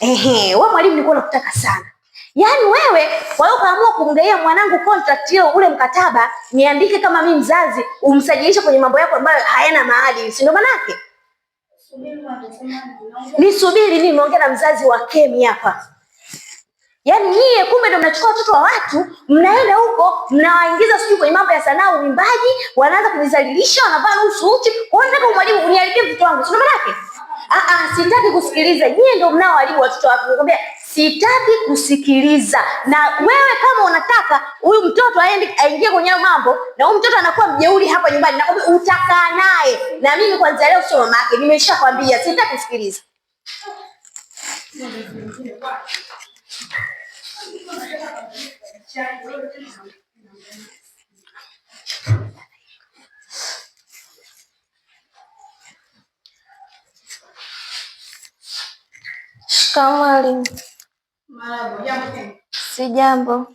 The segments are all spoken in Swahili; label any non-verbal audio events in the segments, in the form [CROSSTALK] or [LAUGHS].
ehe, wewe mwalimu, nilikuwa nakutaka sana. Yaani wewe kwa hiyo kaamua kumgaia mwanangu contract hiyo, ule mkataba niandike kama mimi mzazi, umsajilishe kwenye mambo yako ambayo hayana mahali, si ndio? Maana yake nisubiri nini? niongee na mzazi wa Kemi hapa. Yaani nyie kumbe ndio mnachukua watoto wa watu, mnaenda huko, mnawaingiza sijui kwenye mambo ya sanaa, uimbaji, wanaanza kujizalilisha, wanavaa nusu uchi. Kwa nini mwalimu uniharibie mtoto wangu? Si ndio maana yake? Ah, ah, sitaki kusikiliza. Nyie ndio mnaoharibu watoto wako. Nikwambia sitaki kusikiliza. Na wewe kama unataka huyu mtoto aende aingie kwenye mambo na huyu mtoto anakuwa mjeuri hapa nyumbani, nakwambia utakaa naye. Na mimi kwanza leo sio mama yake, nimeshakwambia sitaki kusikiliza. Shikamoo mwalimu. Si jambo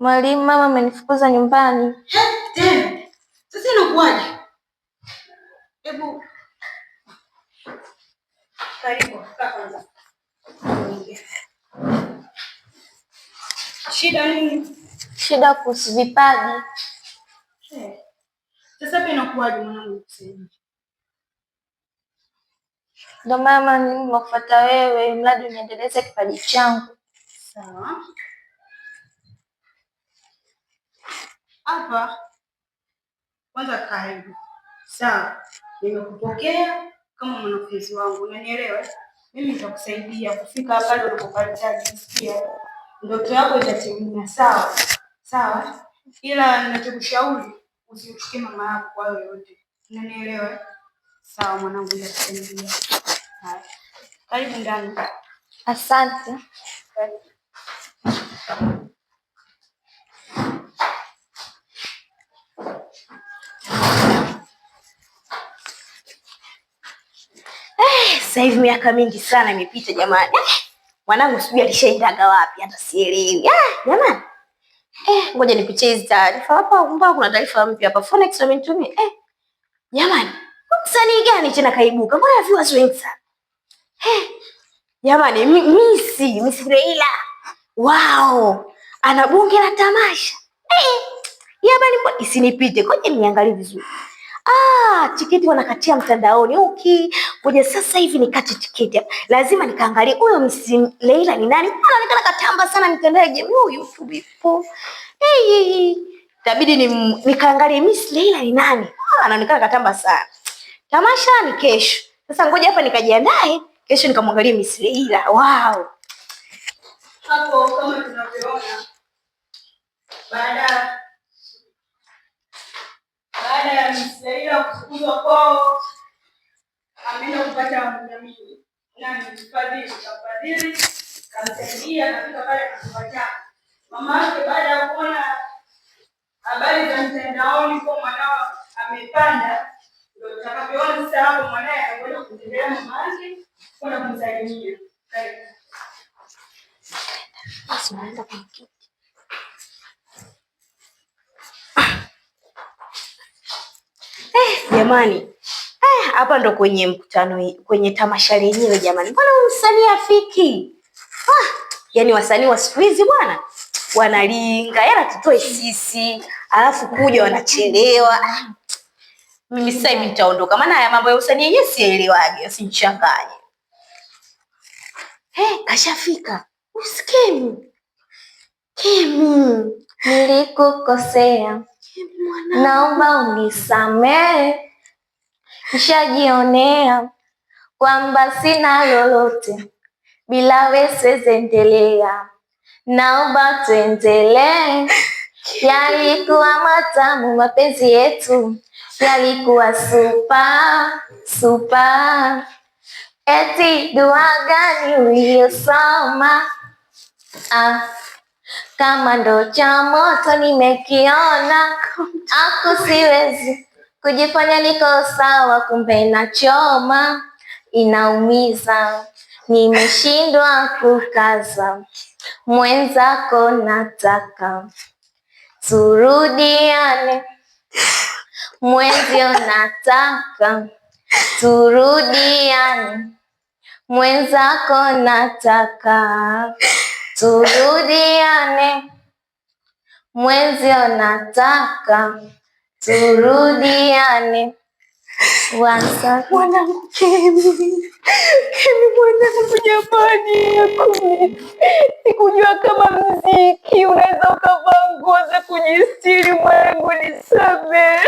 mwalimu, mama amenifukuza nyumbani. Sasa inakuwaje? Hebu karibu kwanza. Shida nini? Shida kuhusu vipaji. Sasa hapa inakuwaje mwanangu? Ndio maana nimekufuata wewe, mradi uniendeleze kipaji changu. Sawa. Hapa kwanza karibu. Sawa, nimekupokea kama mwanafunzi wangu, unanielewa? Mimi nitakusaidia kufika hapa pale unapopata sikia, ndoto yako itatimia. Sawa sawa, ila ninachokushauri usimchukie mama yako kwa yoyote, unanielewa? Sawa mwanangu, nitakusaidia. Karibu ndani. Asante. Eh, sasa hivi miaka mingi sana imepita jamani. Mwanangu sijui alishaendaga wapi hata sielewi. Ah, jamani. Eh, ngoja nipitie hizi taarifa hapa, mbona kuna taarifa mpya hapa Phoenix wamenitumia. Eh. Jamani, msanii gani tena kaibuka? Mbona viewers wengi sana? Jamani, misi Miss Leila wao ana bunge la tamasha eh, jamani, isinipite kwenye niangalie vizuri. Ah, tiketi wanakatia mtandaoni uki kuja sasa hivi nikate tiketi, lazima nikaangalie huyo misi Leila ni nani? Anaonekana katamba sana mitandao ya jamii YouTube ipo. Hey, itabidi nikaangalie Miss Leila ni nani? Ah, anaonekana katamba sana. Tamasha ni kesho. Sasa ngoja hapa nikajiandae kesho nikamwangalia Miss Leila. Wow. Hapo kama tunavyoona baada baada ya Miss Leila kufukuzwa kwao ameenda kupata mdhamini. Nani? Mfadhili. Mfadhili kamsaidia na pale anapatia. Mama yake baada ya kuona habari za mtandaoni kwa mwanao amepanda ndio tutakavyoona sasa hapo mwanae anakwenda kutembelea mama yake Eh, jamani, eh, hapa ndo kwenye mkutano, kwenye tamasha lenyewe. Jamani, mbona msanii afiki? Ah, yaani wasanii wa siku hizi bwana wanalinga, yana tutoe sisi, alafu kuja wanachelewa. Ah, mimi sasa hivi nitaondoka, maana haya mambo ya usanii yenyewe sielewage, usichanganye. Hey, kashafika uskimu Kimu, nilikukosea, naomba unisamehe. Nishajionea kwamba sina lolote, bila wewe Naomba tuendelee, [LAUGHS] yalikuwa matamu mapenzi yetu, yalikuwa supa supa Eti dua gani uliyosoma? Ah, kama ndo cha moto nimekiona, aku siwezi kujifanya niko sawa, kumbe inachoma, inaumiza, nimeshindwa kukaza, mwenzako nataka turudiane, mwenzio nataka turudiani, mwenzako nataka turudiane, mwenzio nataka turudiane. Mwanangu Kemi, Kemi mwanangu, jamani, sikujua kama mziki unaweza ukavaa nguo za kujistiri. Mwanangu nisamehe,